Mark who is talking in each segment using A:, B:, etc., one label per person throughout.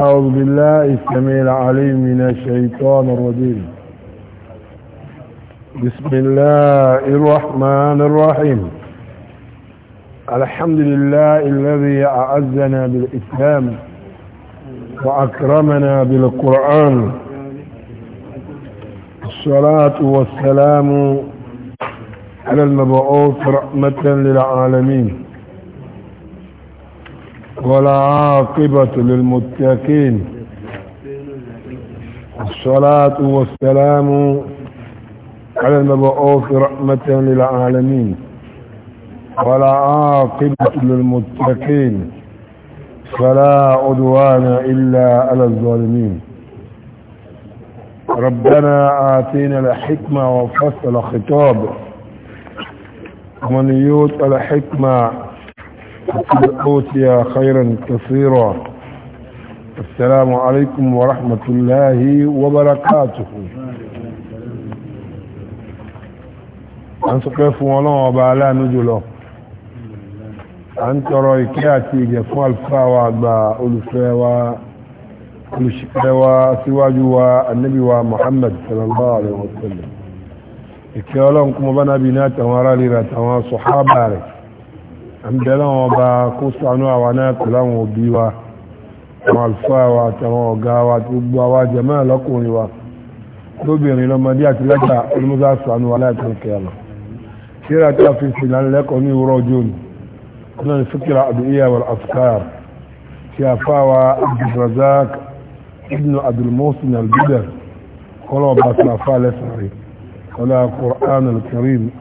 A: أعوذ بالله السميع العليم من الشيطان الرجيم بسم الله الرحمن الرحيم الحمد لله الذي أعزنا بالإسلام وأكرمنا بالقرآن الصلاة والسلام على المبعوث رحمة للعالمين ولا عاقبة للمتقين الصلاة والسلام على المبعوث رحمة للعالمين ولا عاقبة للمتقين فلا عدوان إلا على الظالمين ربنا آتينا الحكمة وفصل خطاب ومن يوت الحكمة وقد أوتي خيرا كثيرا السلام عليكم ورحمة الله وبركاته أنت كيف والله وبعلا نجله أنت رأيك يأتي فالفاوى بألفاوى olùṣìpẹ̀wà síwájú wa annabi wa muhammad sallallahu alaihi wasallam ìkẹ́ ọlọ́run kúmọ bá nábi náà tàwọn ará rírà tàwọn sọ̀hábà rẹ̀ àmìdẹ́lẹ́ wọn bá kó sánú àwa náà pẹ̀lú àwọn òbí wa àwọn àlùfáà wa àtàwọn ọ̀gá wa àti gbogbo àwa jẹ̀mọ́ ẹ̀lọ́kùnrin wa lóbìnrin lọ́mọdé àti lẹ́gbà olùmọ́sá sánú aláìsàn kẹrànà kíra tí a fi sì lánà lẹ́kọ̀ọ́ ní ìwúrọ̀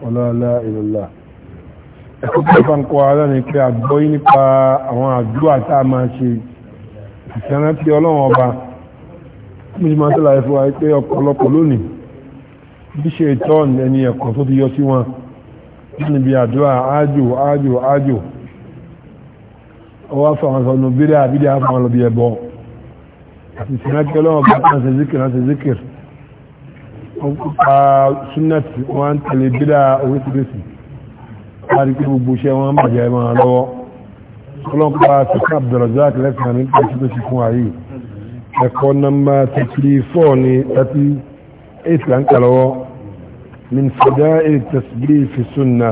A: ọjọ́ ẹ̀kọ́kọ́ ń kọ́ ara ní pé àgbọ́ nípa àwọn àdúrà tá a máa ṣe ìṣẹ́rán tí ọlọ́run ọba mo ṣe máa tẹ́lá ẹ̀fọ́ wa pé ọ̀pọ̀lọpọ̀ lónìí bí ṣe tọ́ọ̀n ẹni ẹ̀kọ́ tó ti yọ sí wọn níbi àdúrà ájò ájò ájò ọwọ́ fún àwọn sọ̀nù bídẹ́ àbídẹ́ àfún àwọn ọlọ́bí ẹ̀bọ àti ìṣẹ́rán tí ọlọ́run ọba kan ṣe zikir láti zikir wọ́n kópa súnẹ́tì wọ́n tẹ̀lé láti pé gbogbo iṣẹ́ wọn bàjẹ́ máa lọ́wọ́ ọlọ́pàá sẹ́kà Abdulrazak lẹ́sìn àmì ìpàṣẹ tó ṣe fún ààyè ẹ̀kọ́ nọ́mbà 34 ní 38 là ń kà lọ́wọ́ min fada tasbih fi sunna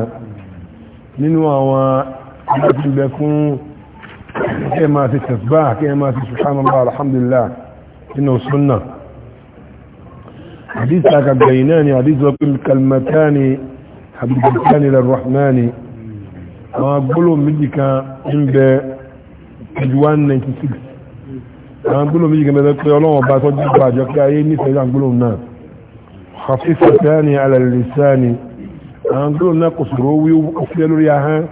A: nínú àwọn alábìnbẹ fún kí ẹ máa ti tasbih kí ẹ nínú sunna hadith àkàgbẹ̀yìn náà ni hadith wọ́pẹ́ kalmatani abdulkan ila rahmani àwọn gbólóhùn méjì kan ń bẹ page one ninety six àwọn gbólóhùn méjì kan bẹ pé ọlọ́wọ́n bá tọ́jú ìgbà àjọ pé ayé nífẹ̀ẹ́ àwọn gbólóhùn náà hafifa sani ala lisani àwọn gbólóhùn náà kò sòrò wí ọfíẹ́ lórí ahọ́n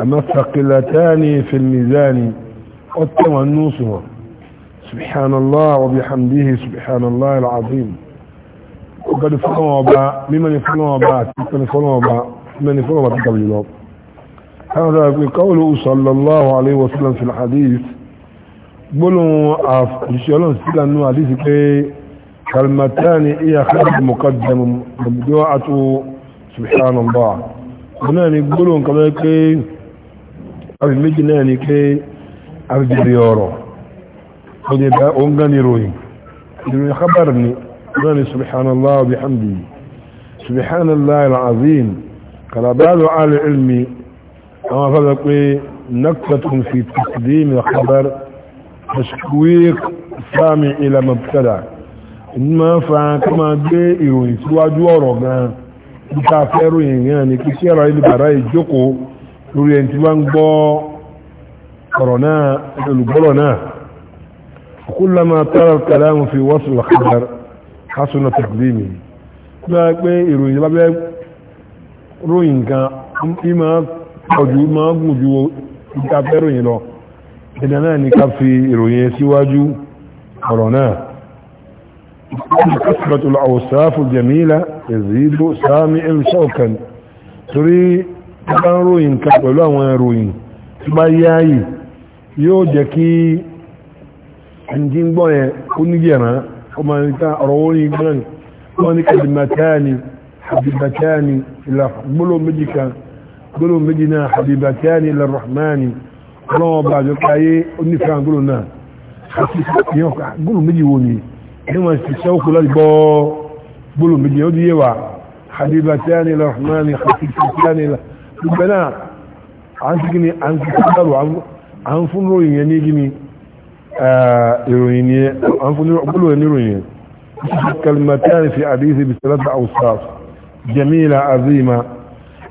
A: àmọ́ sakilatani fil mizani ọtí wọn nù subhanallah wa bihamdihi subhanallah al ọgbẹ̀ni fọ́lọ́wọ́ ọba mímẹ́ni fọ́lọ́wọ́ ọba àti ìpẹ́ni fọ́lọ́wọ́ ọba mímẹ́ni fọ́lọ́wọ́ ọba títàbí lọ káwọn sọ pé kọ́wọ́lù sallallahu alaihi wa sallam fil hadith gbólóhùn àfìṣẹ́ ọlọ́run sílẹ̀ nínú hadith pé kalmatani iya khalid muqaddam mabdo atu subhanallah wọn náà ni gbólóhùn kan pé àfi méjì náà ni pé àfi bèrè ọ̀rọ̀ ذني سبحان الله وبحمده سبحان الله العظيم قال بعض عالي علمي اما فضلك نكتة في تقديم الخبر تشكويق سامع الى مبتدع انما فعاكما كما ايروني سوا جوارو غان متافيرو ينياني كسيرا اللي براي جوكو لولي انتبان بو كورونا اللي بولونا وكلما ترى الكلام في وصل الخبر kásùnà tẹ̀kùdìmì lọ́wọ́ pé ìròyìn bá bẹ́ ròyìn kan tí máa pọ̀jù máa gùn ju ìta fẹ́ ròyìn lọ ìdá náà ni ká fi ìròyìn síwájú ọ̀rọ̀ náà kásùnà tó lọ́wọ́ sáfù jẹ̀mílá ẹ̀zìdó sáàmì ẹ̀mṣọ́kan torí bá ń ròyìn kan pẹ̀lú àwọn ìròyìn tó bá yáyì yóò jẹ́ kí ẹni tí ń gbọ́ yẹn ó nígbẹ̀rán ọmọ nǹkan ọ̀rọ̀ wọn yìí gbọ́nà ni wọ́n ní kalimatani habibatani ila gbọ́lọ̀ méjì kan gbọ́lọ̀ méjì náà habibatani ila rahmani ọlọ́wọ́ bá jọ káyé onífẹ́ gbọ́lọ̀ náà àti gbọ́lọ̀ méjì wo ni níwọ̀n ti sẹ́wọ́kù láti gbọ́ gbọ́lọ̀ méjì ó di yẹwà habibatani ila rahmani habibatani ila gbogbo náà à ní ìròyìn ni ọgbọ́lọ̀ níròyìn kalmatari fi àdíṣẹ́ bí sẹ́lẹ́ta ausaf jamila azima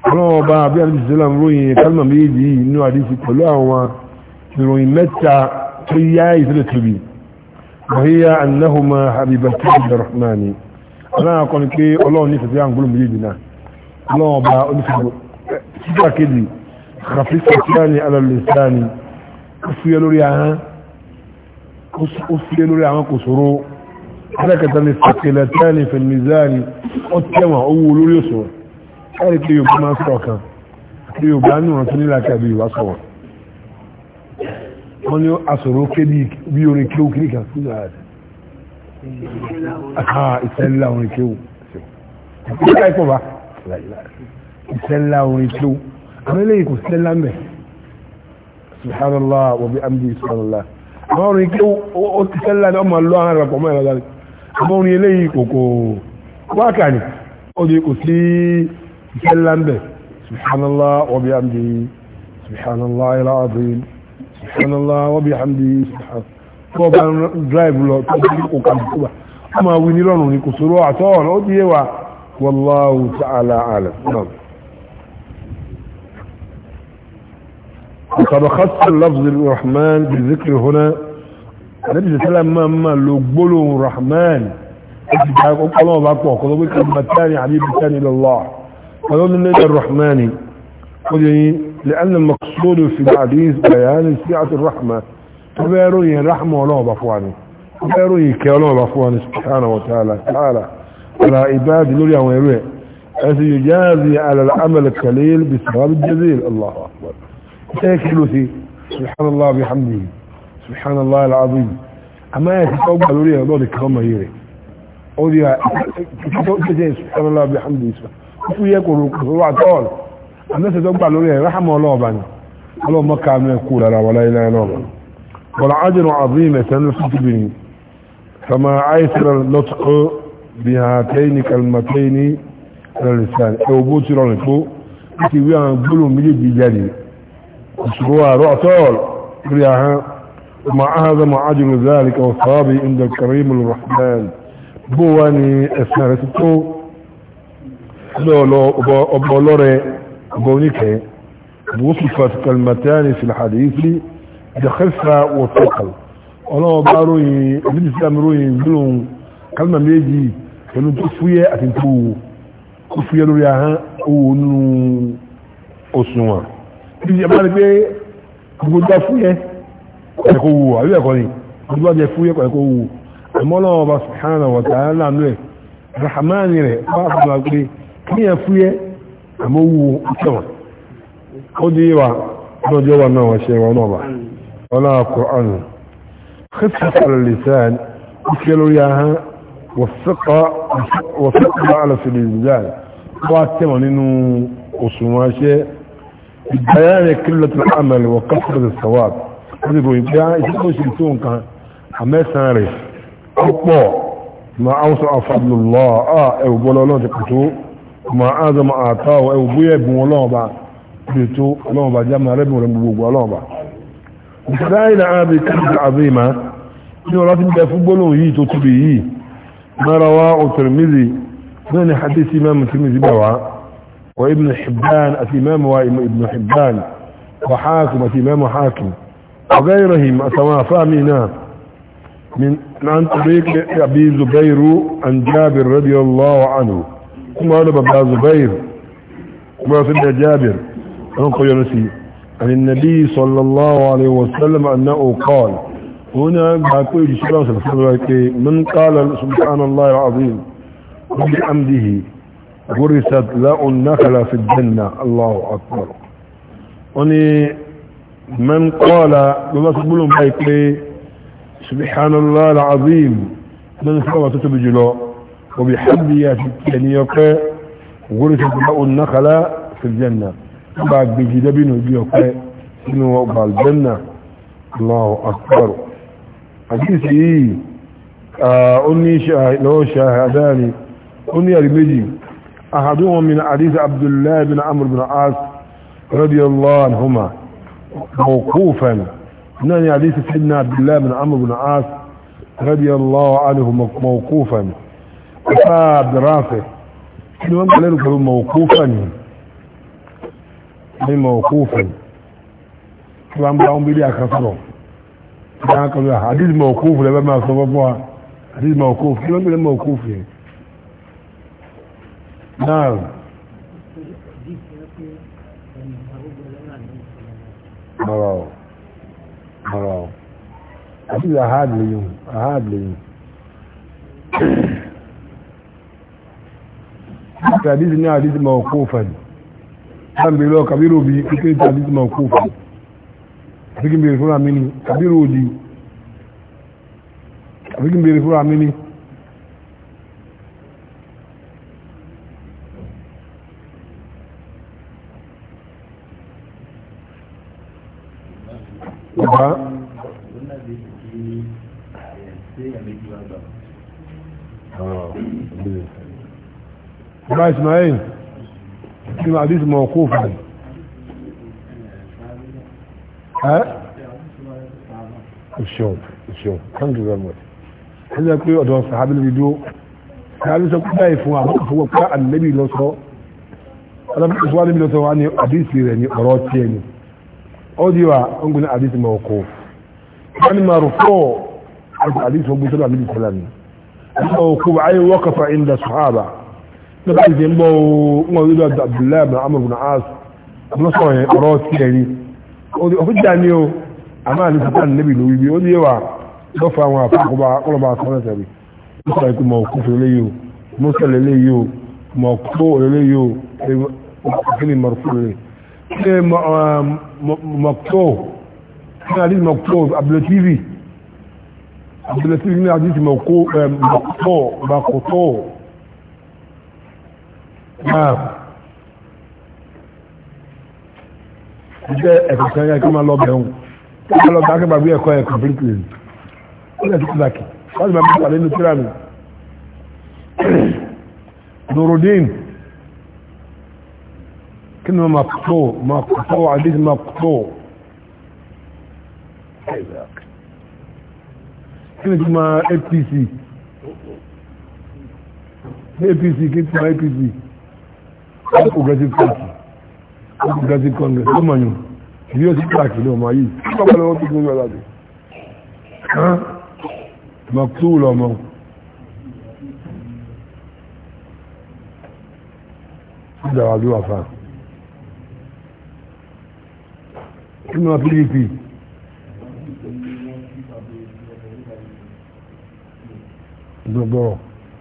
A: ọlọ́wọ́ bá bí àdíṣẹ́ sẹ́lẹ́m ròyìn kalma méjì inú àdíṣẹ́ pẹ̀lú àwọn ìròyìn mẹ́ta tó yá ìsẹ́lẹ̀ tóbi wàhíyá annahuma habibati rahmani ọlọ́wọ́ kọ́ni pé ọlọ́wọ́ ní sẹ́sẹ́ àǹgbọ́lọ̀ méjì náà ọlọ́wọ́ bá oníṣẹ́ sípàkejì kàfíṣẹ́ sí أسلي لوري عمان كسرو حركة الثقيلتان في الميزان أتما أول لوري صور قالت لي يبقى أسرعك لي يبقى أنه أنتني لك أبي وأصور wọ́n ní àsọ̀rọ̀ kéde bí orin kéwù kiri kan sí ìlà rẹ̀ àhà ìṣẹ́lá orin kéwù ìṣẹ́lá ìpọ̀ bá ìṣẹ́lá orin kéwù àmì lẹ́yìn kò ṣẹlá mẹ́ subhanallah wa bi amdi subhanallah àwọn orin kí ó ti fẹ́ láti ọmọ lọ àwọn àràpọ̀ mọ́ ẹ̀rọ dáre àmọ́ orin eléyìí kòkò wákà ní ó di kò sí ìfẹ́ láńbẹ̀ subhanallah wa bihamdihi subhanallah al-azim subhanallah wa bihamdihi subhanallah tó bá ń drive lọ tó bá ní kòkà tó bá ọmọ wí ní lọ́rùn ní kò sóró àtọ́ ọ̀nà ó ti yé wa wallahu ta'ala alam náà وقد خص اللفظ الرحمن بالذكر هنا النبي صلى الله عليه وسلم ما لو قولوا الرحمن قالوا باكو قالوا كلمتان الثاني الى الله قالوا نجا الرحمن لان المقصود في الحديث بيان سعه الرحمه تبارو رحمه الله بفواني تبارو كلام بفواني سبحانه وتعالى تعالى على عباد لوريا ويروي أسي يجازي على العمل القليل بسبب الجزيل الله أكبر ẹ̀kìlòsí subhanallah bihamdihi subhanallah alazim àmá ẹ̀ ti tọ́ gbà lórí ẹ̀rọ lọ́dẹ̀ kan mọ̀ yìí rẹ̀ ó rí àtúntẹ́ subhanallah bihamdihi ó fún yẹ kòrò kòrò àtọ́ọ̀lù àmẹ́sẹ̀ tó gbà lórí ẹ̀rọ ráhàmọ́ ọlọ́ọ̀bà ni ọlọ́mọ kàánú ẹ̀ kú lára wọlá ilá ẹ̀ náà wọlá ájẹ̀rọ àbúyìn mẹ́sẹ̀ ń lọ́sí tìbìrì fama àìsíra lọ́tọ́kọ́ bí hàtẹ́yìn kalmatẹ́yìn rẹ̀ lẹ́sàn ẹ̀ òbó tí rọrùn tó ó ti wí àwọn gbólóhùn méjèèjì jáde أسبوع رأطال ومع هذا ما عجل ذلك وصابي عند الكريم الرحمن بواني أسنرتو لو لو أبولوري أبونيكي وصفت كلمتان في الحديث دخلها وثقل ọlọ́wọ́ bá من ìbínisílámi ròyìn gbóhùn kálmà méjì pẹ̀lú tó fúyẹ́ àti tó wò ibi ìjọba ni pé gbogbo fún yẹ ẹ̀kọ́ wù àbí ẹ̀kọ́ ni gbogbo jẹ fún yẹ ẹ̀kọ́ wù àmọ́ náà ọba subhanahu wa ta'ala lánàá ẹ̀ rahamani rẹ̀ wà fún wa pé kí yẹn fún yẹ àmọ́ wù ìtẹ̀wọ̀n ó di wa lọ́jọ́ wa náà wọ́n ṣe wọn náà bá wọn náà Qur'an خفة على اللسان وكلوا ياها والثقة والثقة على في الإنزال واتمنى أنه أصوما شيء بيان كلة العمل وكثرة الثواب يقول يعني يقول شلتون كان حماس ناري أقوى ما أوسع فضل الله آه أو بولولون تكتو ما أعظم أعطاه أو بويا بولون با بيتو لون با جمع ربي ولمبوك بولون با وكذلك هذه كلمة عظيمة إنه لازم يفبولون يي تتبي يي ما رواه الترمذي من حديث إمام الترمذي بوا وابن حبان الإمام وابن حبان وحاكم الإمام حاكم وغيرهم أسماء فامينا من عن طريق أبي زبير عن جابر رضي الله عنه ثم قال بابا زبير وقال جابر أنقل ينسي عن النبي صلى الله عليه وسلم أنه قال هنا بقول الشيخ من قال سبحان الله العظيم وبحمده غرست لا النخل في الجنة الله أكبر وني من قال لما تقولون بايكلي سبحان الله العظيم من سوى تتبجلو وبحمدية التنيوك غرست لا النخل في الجنة بعد بجدبين وجيوك إنه وقع الجنة الله أكبر حديثي أني شاهد لو شاهداني أني أرمجي أحدهم من حديث عبد الله بن عمرو بن عاص رضي الله عنهما موقوفا من حديث سيدنا عبد الله بن عمرو بن عاص رضي الله عنه موقوفا أفا عبد رافع كل من قال له موقوفا أي موقوفا كل من قال بلي أكثره حديث موقوف لما ما حديث موقوف كل من قال موقوف يعني náà ọ̀rọ̀ ọ̀rọ̀ àti àhádìlẹ̀yìn àhádìlẹ̀yìn tàbí ní àdíjì ma ọkọ̀ òfàdì láàbí lọ kàbírò bí kíkẹ́ tàbí ma ọkọ̀ òfàdì àbíkí bèèrè fúnra mi ní kàbírò òdì àbíkí bèèrè fúnra mi ní bá ah, bá Ismail kí ni àdísì mọ̀ kó fún ẹ́ ìṣòro ìṣòro thank you very much ẹ jẹ́ pé ọ̀dọ̀ sàhábí lórí dúró sàhábí sọ pé báyìí fún àwọn òṣùwọ̀n pé ànẹ́bí lọ́sọ́ ọlọ́pàá ìṣúwálé mi lọ́sọ́ wa ní àdísì rẹ̀ ní ọ̀rọ̀ tiẹ̀ ni odiwa ongun hadith mawquf kan marfu hadith wa bisala min bụ, mawquf ay fa inda sahaba nabi ba bo mbọ wido abdullah bin amr bin as abun so yen ọ̀rọ̀ ti eri odi o ni o ama ni satan nabi lo wi bi odi wa do yo yo yo mọ̀kọ́ ní àdíjì mọ̀kọ́ abdulatifi abdulatifi ní àdíjì mọ̀kọ́ mọ̀kọ́ náà jẹ́ ẹ̀kọ́ kan yẹ kí wọ́n lọ bẹ̀rù kí wọ́n lọ bá akẹ́gbàgbé ẹ̀kọ́ ẹ̀ completely ó ti pàtàkì wọ́n sì máa bí pàdé mi Nuruddin كلمه مقطوع مقطوع عديد مقطوع حيباك كلمة ما اي بي سي اي بي سي كنت ما اي بي سي اكو غازيب تاكي اكو غازيب كونغرس لو ما يو بيو سي تاكي لو ما يي كما قال هو تقول ولا ها مقطوع لو ما ده عدو عفان nínú pdp gbọ̀gbọ̀rọ̀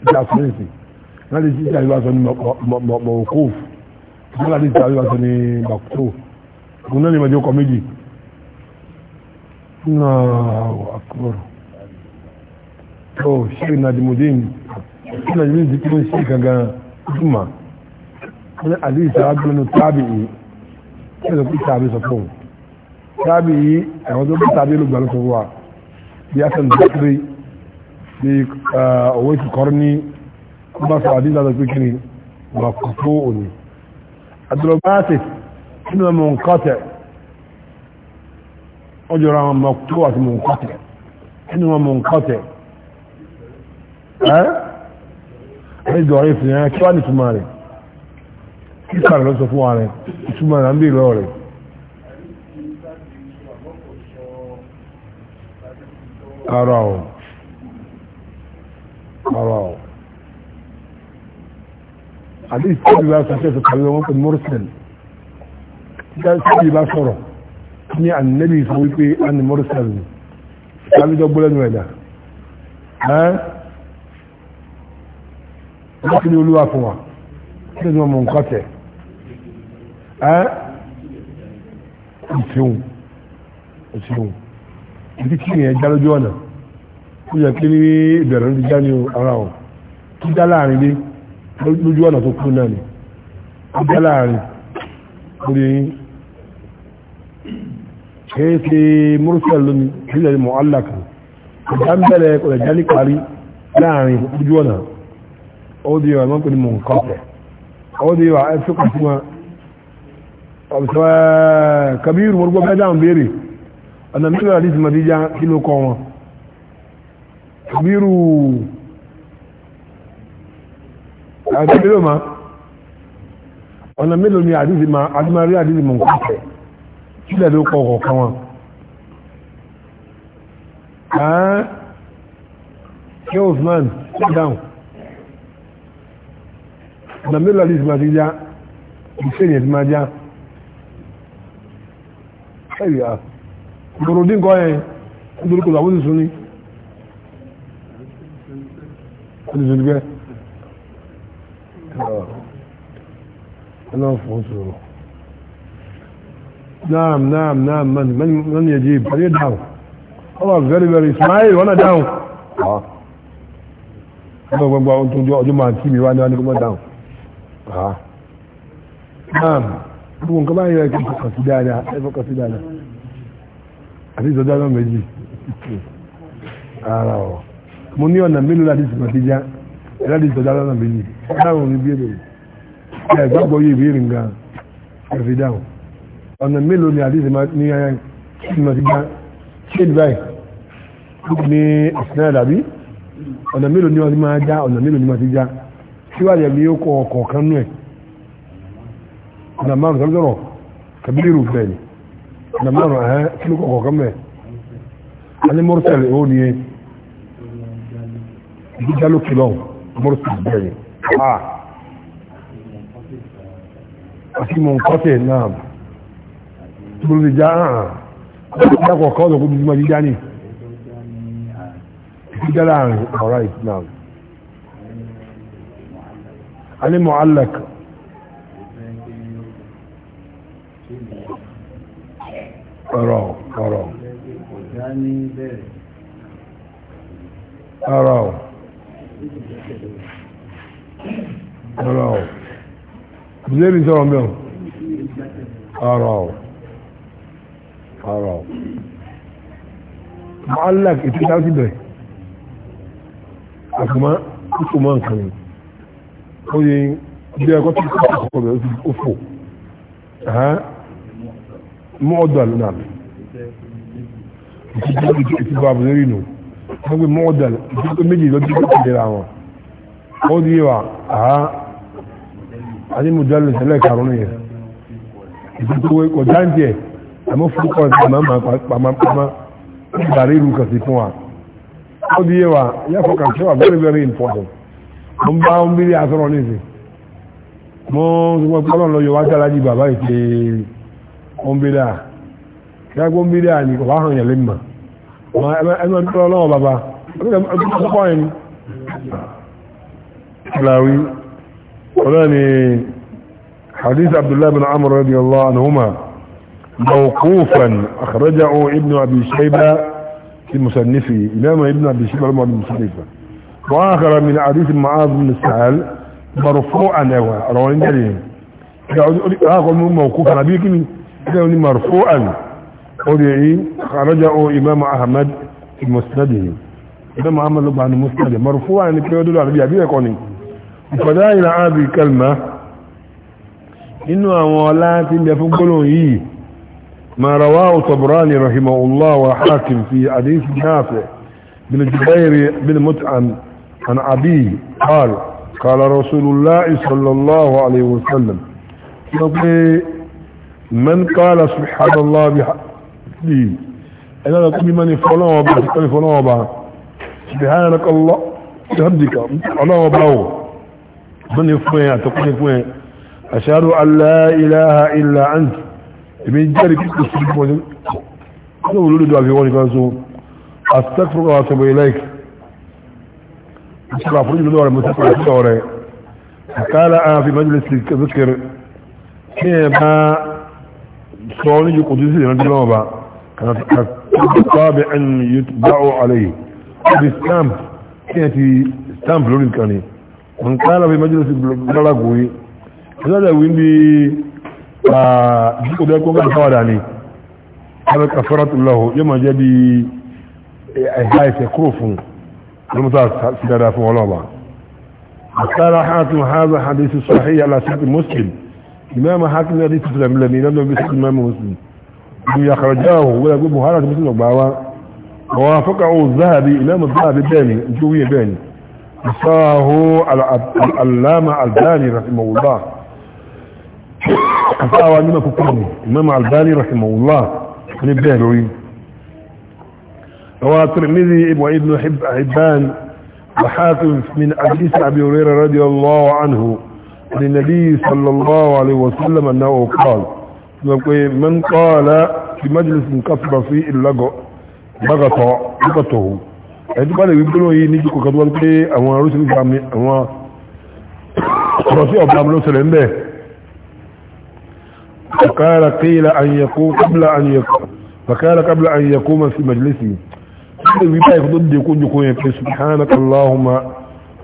A: ìjà fúrẹ́sì láti sí ìjà ìwàsọ ní mọ̀kóf ìjọba láti sí ìwàsọ ní mọ̀kótó òun náà ni mọ̀jọ́ kọ méjì náà akọrọ̀ tó ṣe nàdìmọ̀dín ṣe nàdìmọ̀dín ti kí wọ́n ṣe gangan jùmọ̀ ní àdìsá agbónú tábìlì ṣe lọ́pọ̀ tábìlì sọ fún un tábì yìí àwọn tó bá tàbí ló gbàlú sọ wà bí asan zakari bí owó ìkọrọ ní bá sọ àdínlá lọ pé kí ni wà kò fó òní adúlọ́gbáàtì nínú ọmọ nǹkan tẹ̀ ó jọra àwọn ọmọ tó wà sí mọ̀ nǹkan tẹ̀ nínú ọmọ nǹkan tẹ̀ ẹ́ ẹ̀dọ̀ ìfìyàn kí wá ní ìtumọ̀ rẹ̀ kí sàrẹ̀ lọ sọ fún wa rẹ̀ ìtumọ̀ rẹ̀ ń bí lọ rẹ̀ ara ọ̀ ara ọ̀ àdéhùn tí ìbá sọ ṣe ṣe kàwé wọn pẹ̀lú mọ́rùsẹ̀lì ìjà tí ìbá sọ̀rọ̀ ní ànínẹ́bí sọ wípé àní mọ́rùsẹ̀lì kàwé dọ́gbọ́lẹ́nu ẹ̀dá ẹ́ wọ́n ti ní olúwa fún wa kí ni wọ́n mú nǹkan tẹ̀ ẹ́ ìṣeun ìṣeun ibi tí ìyẹn já lójú ọ̀nà ó yẹ kí ní ìbẹ̀rẹ̀ ló ti já ní ara ọ̀ kí já láàrin dé lójú ọ̀nà tó kú náà ni ó já láàrin orí yín kìí ṣe mọ́rúsẹ̀l lómi nílẹ̀ mọ́ aláka ìjà ń bẹ̀rẹ̀ ọ̀rẹ̀ já ní parí láàrin lójú ọ̀nà ó di ọ̀nà pẹ̀lú mọ̀ nǹkan ọ̀fẹ́ ó di ọ̀nà ẹ̀fẹ́ kọ̀ọ̀tún ọ̀bùsọ̀ kabiru mọ̀rúgbọ́ bẹ́ẹ̀ dáhùn béèrè ọ̀nà mẹ́lẹ̀ àdìsí mọ̀díjá kí ló kọ wọn bírù àti mélòó ma ọ̀nà mélòó ni àdìsí ma adúmárí àdìsí mọ̀ nǹkan tẹ̀ kí lẹ̀ ló kọ ọ̀kan wọn àá kí Osman sit down ọ̀nà mélòó àdìsí mọ̀díjá ìṣẹ́yìn ẹ̀dìmájá There you are. Ah gbòròdì nǹkan yẹn nítorí kò làwọn ìsúnni ìsúnni bẹ́ẹ̀ ọlọ́run fún sọ̀rọ̀ naam naam naam mani mani mani yẹ jí ìbáyé dáhùn ọlọ́run very very Ismail wọ́n náà dáhùn ah. ọmọ gbogbo àwọn tó ń jọ ọjọ́ máa tí mi wá ní wá ní kọ́mọ́ dáhùn ah. naam gbogbo nǹkan báyìí rẹ̀ kí n fọkàn sí dáadáa ẹ fọkàn sí dáadáa àti ìsọjọ́ méjì ara ọ̀ mo ní ọ̀nà mélòó láti ìsìnkú àti já láti ìsọjọ́ lọ́nà méjì dáhùn ní bí èrè ẹ̀ gbàgbọ́ yìí ìbéèrè nǹkan ẹ̀ fi dáhùn ọ̀nà mélòó ni àti ìsìnkú eh, àti já ṣé ìdí báyìí ní ọ̀sán àdàbí ọ̀nà mélòó ni wọ́n ti máa já ọ̀nà mélòó ni wọ́n ti já síwájú ẹ̀mí yóò kọ ọ̀kọ̀ọ̀kan nú ẹ̀ ọ̀nà márùn-ún sọ́rọ̀ na mọ́rọ̀ ẹ́ kí ló kọ̀kọ̀ kan mẹ́ a ní mọ́rọ̀tẹ̀lẹ̀ ó ní ìdíjà ló kìlọ̀ mọ́rọ̀tẹ̀lẹ̀ bẹ́ẹ̀ a àti mọ̀ nkọ́tẹ̀ náà gbogbo ìjà àrùn ìjà kọ̀ọ̀kan ọ̀dọ̀ gbogbo ọ̀rá ìsìlámù a ní mọ̀ alẹ́kọ̀ọ́ ọ̀rọ̀ ọ̀rọ̀ ọ̀rọ̀ ọ̀rọ̀ ìdílé mi sọ̀rọ̀ mẹ́wọ̀n ọ̀rọ̀ ọ̀rọ̀ mọ́álà ètò ìdáwọ́sí bẹ̀rẹ̀ àkùmá ìkùmá nǹkan ni ó yẹ bí ẹkọ́ tó kọ́ ọ̀rọ̀ ó fò mọ́ọ̀dàlù náà ìtì bàbá lórí nù wọ́n gbé mọ́ọ̀dàlù ìtì méjì lọ́dún tó ti dira wọn ó di wa àá àti mọ̀dàlù tẹ́lẹ̀ karùn-ún yẹn ìtì tó wé kọjá ń tiẹ̀ àmọ́ fún kọ́ ẹ̀ pàmà pàmà pàmà ìdarí ìlú kan sí fún wa ó di wa yẹ fọ́ kàn sí wa very very important mo ń bá ń bí asọ́rọ̀ nísìn mo ń sọ pé ọlọ́run lọ yọ wá sí alájí bàbá ìtì ọmọbídà ṣáàgbọ́n bídà ní kò bá hàn yà lẹ́mà ẹnu ọdún ọlọ́wọ́ bàbá ọdúnkọ́ ẹni aláwí ọ̀rẹ́ ni hadith abdullahi bin amr radiyallahu anhuma mawqufan akhrajahu ibn abi shayba fi musannifi imam ibn abi shayba al musannifa wa akhara min hadith ma'az bin sa'al marfu'an wa rawan jalil ya akhu mawqufan abi kini دون مرفوعا قدعي إيه؟ خرجه امام احمد في مسنده امام احمد لبعا مسنده مرفوعا يعني يقول له عربي عبيه كوني فدا الى ابي كلمه انه اولات في فقلوا هي إيه؟ ما رواه طبراني رحمه الله وحاكم في حديث نافع بن جبير بن متعم عن ابي قال قال رسول الله صلى الله عليه وسلم من قال سبحان الله بحمده انا لكم من فلان وبا فلان وبا سبحانك الله بحمدك انا وبا من يفوي تقول يفوي اشهد ان لا اله الا انت من جري كتب انا ولولي دعا في واني كانسو الله واتوب اليك اشرف رجل دور المتفق قال انا آه، في مجلس الذكر
B: كما
A: صوني قدسي من الجنوبة كطابع يتبع عليه بستامب كانتي ستامب لوني كاني من قال في مجلس بلغوي هذا وين بي جيكو دا كونغا كواداني هذا كفرت الله يوم جدي هاي سكروفون المتاس سيدا فون الله قال حاتم هذا حديث صحيح على سيد مسلم إمام حاكم يدي تسلم لمن لم يسلم إمام مسلم لم يخرجاه ولا يقول مهارة مسلم وبعوا ووافقه الذهبي إمام الذهبي الداني الجوية داني نصاه العلامة الباني رحمه الله أفاوى لما كفرني إمام الباني رحمه الله من البهلوي رواه الترمذي وابن حبان وحاكم من حديث أبي هريرة رضي الله عنه للنبي صلى الله عليه وسلم أنه قال من قال في مجلس كثر فيه اللغو بغطى بغطه ẹ̀dí bá lè wí gbóná yìí ní jùkú kan tó wọ́n pé àwọn arúsìn ìgbà mi àwọn ọ̀rọ̀ يقوم قبل ان يقوم فقال قبل ان يقوم في مجلسه wípé ìfọ́tò dìkú jùkú yẹn pé سبحانك اللهم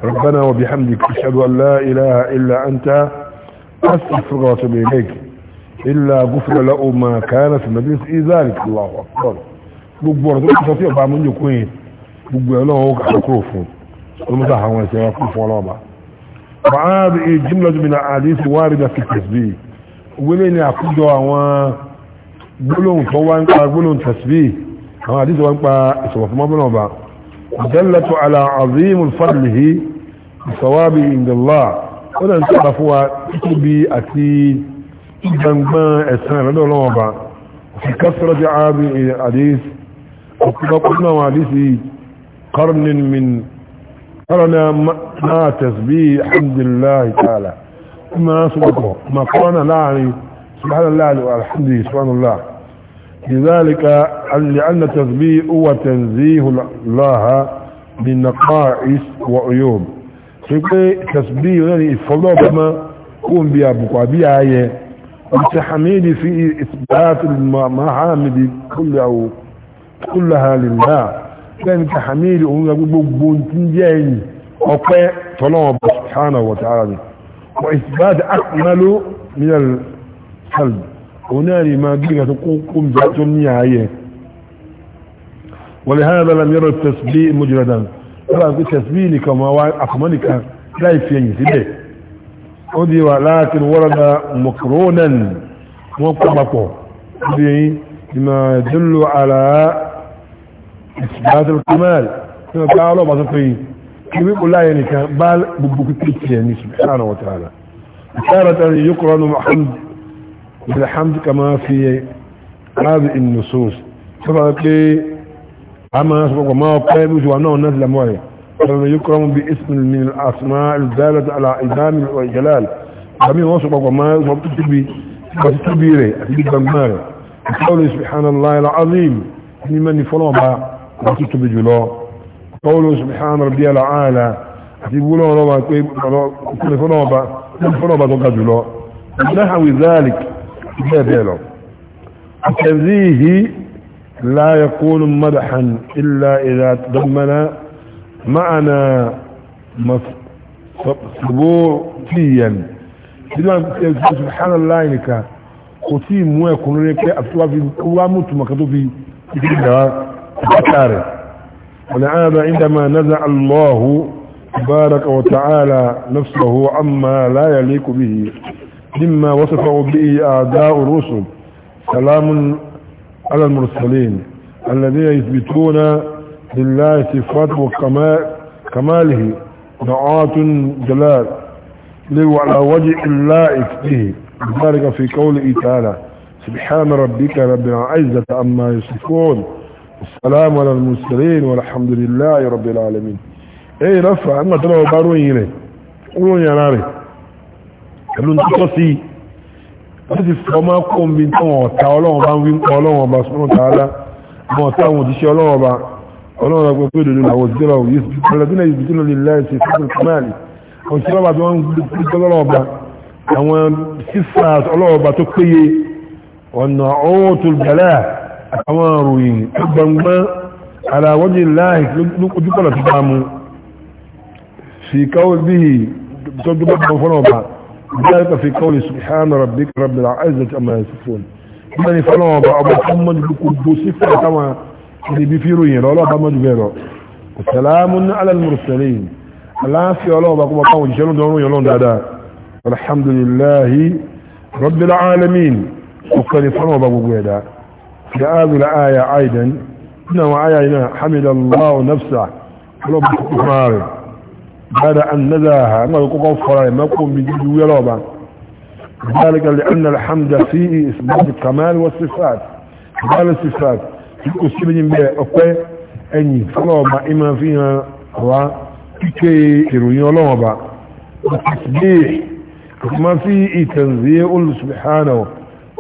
A: ربنا وبحمدك أشهد أن لا إله إلا أنت أستغفرك وأتوب إليك إلا غفر له ما كان في المجلس ذلك الله أكبر gbogbo ọ̀rọ̀ tó kọ́ sí ọba amúnyẹ̀kún yìí gbogbo ẹ̀ lọ́wọ́ àkókò fún ọlọ́mọdé àwọn ẹ̀sẹ̀ wa kún fún ọlọ́ọ̀bá bàáàbì ìjìmlọ́jù mi na àdéhùn wà rí dàkí tẹ̀sbí wílé ni àkójọ àwọn gbólóhùn tó wá ń pa gbólóhùn tẹ̀sbí àwọn àdéhùn wá ń pa ìṣọ̀wọ̀fọ́mọ́bọ́nà ọba دلت على عظيم فضله بصوابه عند الله ولا تعرفوا تبي أكيد جنبا إسان لدو لوبا في كثرة عابي وكما قلنا حديث قرن من قرن ما تسبيح الحمد لله تعالى ما سبقه ما قرن لا سبحان الله والحمد سبحان الله لذلك لأن تسبيح هو تنزيه الله من نقائص وعيوب سيكون تسبيح يعني الصلاة ما قوم بها بقوا بها آية. هي والتحميد في إثبات المحامد كلها كلها لله كان تحميد أمون تنجين وقع طلاب سبحانه وتعالى وإثبات أكمل من الصلب هنالي ما قلت قوم ذات النهاية ولهذا لم يرى التسبيح مجردا فلا قلت تسبيح كما أخمنك لا يفيني سيدي أدي ولكن ورد مكرونا مطبقه أدي لما يدل على إثبات الكمال كما قالوا بطفين كيف يقول الله يعني كان بال ببكتك يعني سبحانه وتعالى إشارة يقرن محمد الحمد كما في هذه النصوص طبعا اما سبق ما قيمت وانه نزل موية فمن يكرم باسم من الاسماء الدالة على ادام والجلال فمن وصبق وما سبق تبي كبيرة تبي بمار قول سبحان الله العظيم لمن فلو ما وكتب جلو قول سبحان ربي العالى تقول له ربا كيف فلو ما فلو ما تقجلو نحو ذلك bẹ́ẹ̀ التنزيه لا يكون مدحا إلا إذا تضمن معنى ثبوتيا سبحان الله إنك قتي مو يكون لك أفتوى في قوامت مكتوب في كده عندما نزع الله تبارك وتعالى نفسه عما لا يليق به مما وصفه به أعداء الرسل سلام على المرسلين الذين يثبتون لله صفات كماله دعاة جلال لو على وجه اللائق به ذلك في قوله تعالى سبحان ربك رب العزة عما يصفون السلام على المرسلين والحمد لله رب العالمين اي رفع اما تلو بارون يلي قولون يا ناري pẹ̀lú ní tọ́ sí wọ́n ti fọ́ máa kó omi táwọn ọ̀tá ọlọ́wọ́n bá ń wí ń pọ̀ ọlọ́wọ́n ọba sọ́nà tààlà àwọn ọ̀tá àwọn òjíṣẹ́ ọlọ́wọ́n ọba ọlọ́wọ́n ọba pé òdòdó làwọn òjíṣẹ́ ọlọ́wọ́ yìí sí pẹ̀lẹ́dínà yìí bìtínà lè láì ṣe fún kọ́máàlì àwọn òjíṣẹ́ ọlọ́wọ́ tí wọ́n ń gbé ọlọ́wọ́ ọba àwọn sísà ọlọ́wọ́ ọba tó péye ọ̀nà ọ̀tún gẹ̀lẹ́ àtàwọn òròyìn gbọ̀ngbọ́n على وجه الله نقول لك في كول به تبدو بطن فنوبا ذلك في قول سبحان ربك رب العزة أما يصفون يعني فلو أبا أبا محمد القدوسي كما اللي بيفيروا يرى الله أبا مجبيرا وسلام على المرسلين الله في الله أبا كما قاموا يشلون دونوا يلون دادا الحمد لله رب العالمين وكان فلو أبا بقويدا في هذه الآية أيضا إنه آية حمد الله نفسه الله بكفاره بعد أن نزاها ما يقول فرعي ما يقول من جدو يلوبا ذلك لأن الحمد فيه إثبات الكمال والصفات قال الصفات يقول بها أقوى أني فلوبا إما فيها هو كي يلوبا والتسبيح ما فيه تنزيع سبحانه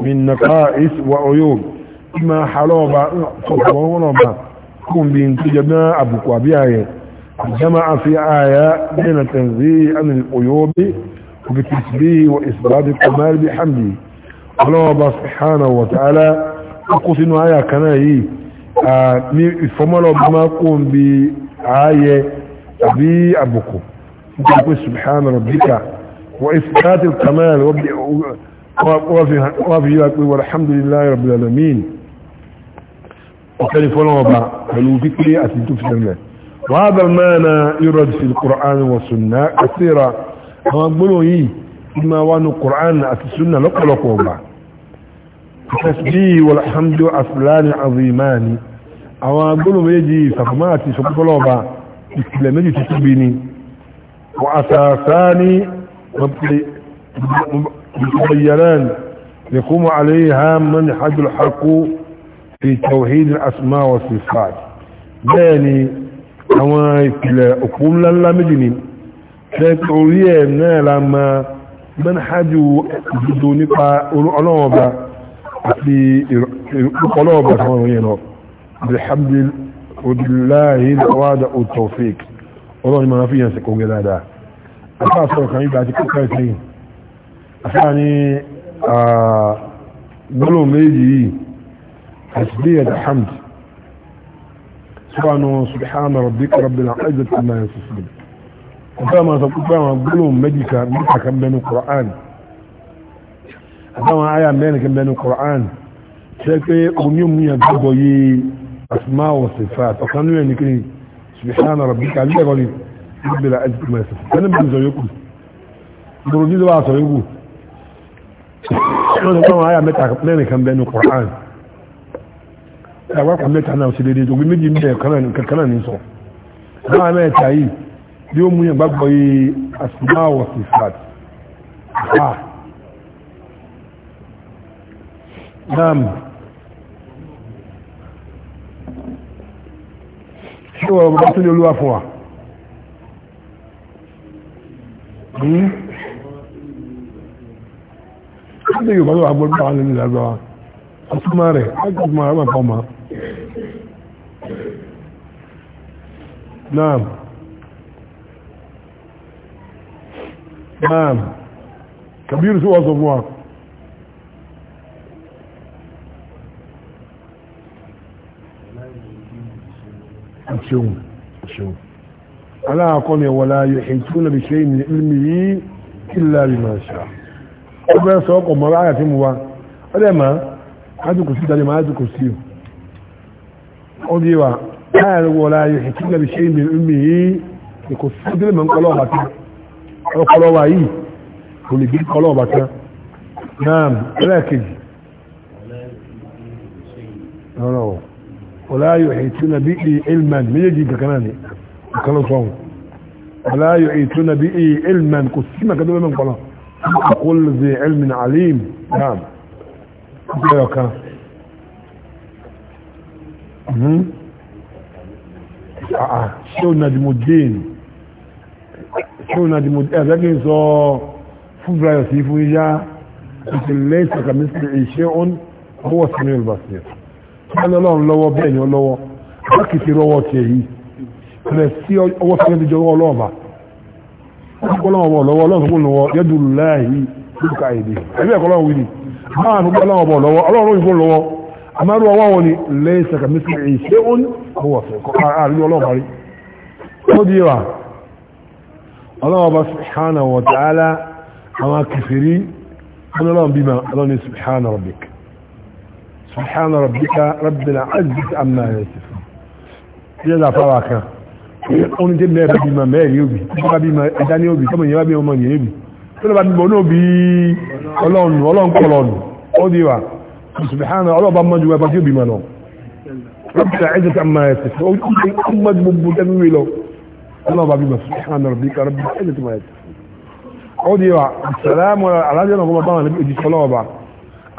A: من نقائص وعيوب إما حلوبا صفوه ولوبا كون بين تجبنا أبوك وبيعيه جمع في آية بين التنزيه عن العيوب وبتسبيه وإثبات الكمال بحمده الله سبحانه وتعالى أقول إنه آية كان هي آه، لو بما قوم بآية أبي أبوكم يقول سبحان ربك وإثبات الكمال وفي والحمد لله رب العالمين وكان فلان وبا فلو كل أتنتو في الله وهذا المعنى يرد في القرآن والسنة كثيرا هو يقولوا هي إيه؟ إما وان القرآن أتي السنة لقلقوا بعض التسبيح والحمد أصلان عظيمان أو يقولوا يجي فقماتي سبقلوا بعض إسلامي تسبيني وأساساني مبينان يقوم عليها من منحج الحق في توحيد الأسماء والصفات يعني àwọn ìpìlẹ̀ òkú ńláńlá méjì ni torí ẹ̀ náà la ma mẹ́nàájú ìdúdó nípa ọlọ́ọ̀ba àti ọlọ́ọ̀ba àwọn òyìn lọ alhamdulillahi lọ́wọ́dá òtọ̀fík ọlọ́rin ma fi yàn sí kogẹ́ dáadáa afá sọ̀rọ̀ kan gbọ́lọ̀ méjì yìí tasbih alhamd سبحانه سبحان ربك رب العزة عما يصفون وكما سبحانه قلهم مجلك مجلك كم بين القرآن وكما آية مين كم بين القرآن شاكي أميوم يقضوا يي أسماء وصفات وكانوا يعني كني سبحان ربك عليك قولي رب العزة عما يصفون كان من زوجكم برودي دواء سويقوا وكما آية مين كم بين القرآن àwọn kan mẹ́ta náà ṣe dédé tó gbé méjì ń bẹ̀ kankan náà ní sọ náà mẹ́ta yìí bí ó mú yẹn gbàgbọ́ yìí asimáwọ̀ sí fat naam ṣé wọ́n bá tó ní olúwa fún wa ní hmm? Yorùbá tó wà gbọ́dọ̀ àwọn ènìyàn lọ́wọ́ atuma rẹ̀ agbègbè ara máa pàmà naam naam kabiru sí wọ́n sọ fún wa ṣeun ṣeun aláàkọ́ ni wọ́la yóò ṣètò nàbí ṣe ní ilmi yìí ìlàrí máa ṣá ọgbẹ́ sọ́kọ̀ mọ́ra àyàtí mu wa ọdẹ́ hajji ku si tani ma hajji ku si o di wa ayar wala yi hikin da bishe min ummi yi da ku si dole man kwalo ba ta kwalo wa yi ku libi kwalo ba ta na'am ala keji ọ̀rọ̀ wala yi hikin da bi ilman mejeji ka kana ne ku kalo son wala yi hikin da bi ilman ku si maka dole man kwalo ذي علم عليم نعم bẹ́ẹ̀ kan ṣé ò nàdìmọ̀ déènì ṣé ò nàdìmọ̀ ẹ̀ẹ́dẹ́gbẹ̀ sọ fúnfúráyọ̀ sí fún yá ìpínlẹ̀ ìṣàkàmísì ìṣẹ́ òun ọwọ́ sínú ìbàṣẹ́ ọlọ́run lọ́wọ́ bẹ́ẹ̀ ni ọlọ́wọ́ lákìtì rọwọ́ tiẹ̀ yìí rẹ̀ sí ọwọ́ sínú ìjọ ọlọ́ọ̀bà ọlọ́wọ́ lọ́wọ́ ọlọ́run lọ́wọ́ yẹ́dùn láàyè lókà èdè ẹgbẹ́ ẹ̀kọ́ lọ́wọ́ wí ni káàánú gbọ́ láwọn bọ̀ lọ́wọ́ ọlọ́run ìbò lọ́wọ́ amẹ́rù ọwọ́ wọn ni lẹ́yìn sàkàmísì èyí ṣé ó ní ọwọ́ fẹ́ kọ́ àárín ọlọ́run parí ó di wa ọlọ́run bá subhana wa ta'ala àwọn kìfìrí ọlọ́run bímọ ọlọ́run ni subhana rabbik subhana rabbika rabbina aziz amma yasifun ilé ìlà fáwọn kan ó ní tẹ́ mẹ́rin bímọ mẹ́rin yóò bí ẹ̀dá ní yóò bí tọ́mọ̀ yẹn bí ọmọ yẹn bí tó lọ́ bá bímọ náà bí ọlọ́run ọlọ́run kọlọ́run ó di wa subhanahu ọlọ́ba mọ́jú ẹbá tí ó bímọ lọ rọ́bìtà ẹ̀jẹ̀ tí a máa ẹ̀sẹ̀ ó mọ́jú gbogbo tẹ́lúwé lọ ọlọ́ba bímọ subhanahu rọ́bìtà rọ́bìtà ẹ̀jẹ̀ tí a máa ẹ̀sẹ̀ ó di wa sàlámù alájẹ́ náà kọ́mọ báwọn ẹ̀lẹ́bí òjì sọlọ́ọ̀ba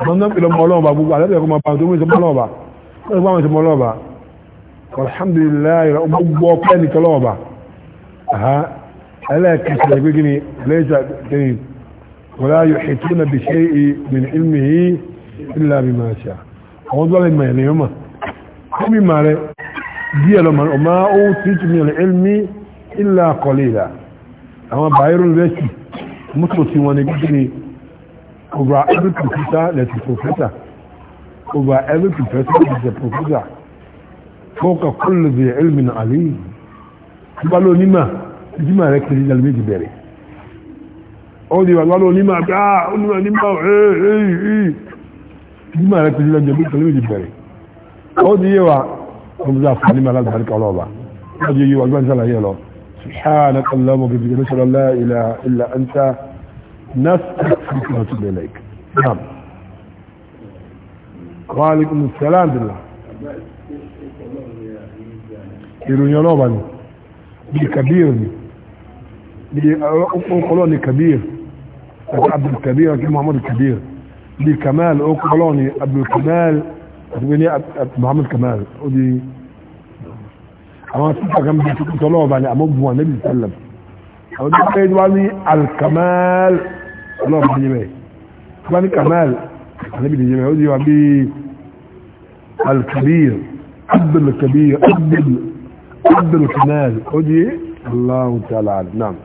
A: àwọn náà pèlè ọmọ ọlọ́ọ̀ba ولا يحيطون بشيء من علمه إلا بما شاء أعوذ بالله ما يليهما كم مالي دي لما ما أوتيت من العلم إلا قليلا أما بعير الوشي مطلسي ونجدني over every professor that is professor over every professor that is a professor فوق كل ذي علم عليم تبالو نما جمع لك تجد الميجي بيري ó di wàlúwà ló nímọ̀ àgbà onímọ̀ nímọ̀ ẹ̀ẹ́ nímọ̀ rẹ̀ pẹ̀lú ẹjọ́ pẹ̀lú ìdí bẹ̀rẹ̀ ó di yé wa ọmọdé àfààní máa láti baríkà ọlọ́ọ̀bà ó di yé wa سبحانك اللهم وبحمدك نشهد ان لا اله الا انت نستغفرك ونتوب اليك نعم وعليكم السلام بالله ìròyìn ọlọ́ọ̀bà ni bí kàbíyèr ni bí ọkọ̀ ọlọ́ọ̀ ni kàbíyèr àti abdulkabir àti muhammadu kabir di kamal ó kọ́ lọ́wọ́ ni abdulkamal àti wíní muhammadu kamal ó di àwọn sísà kan bí tuntun tọ́lọ́wọ́ bá ní àmọ́ bu wọn níbi sálẹ̀m àwọn tó fẹ́ wá ní alkamal ọlọ́wọ́ bá ní bẹ́ẹ̀ tó bá ní kamal níbi nìyẹn ó di wá bí alkabir abdulkabir abdul abdulkamal ó di allahu ta'ala na'am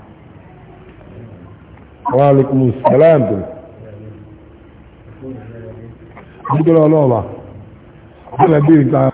A: wàhálàkùn sàlám tó dúdúrà ọlọ́ọ̀bà ọ̀nà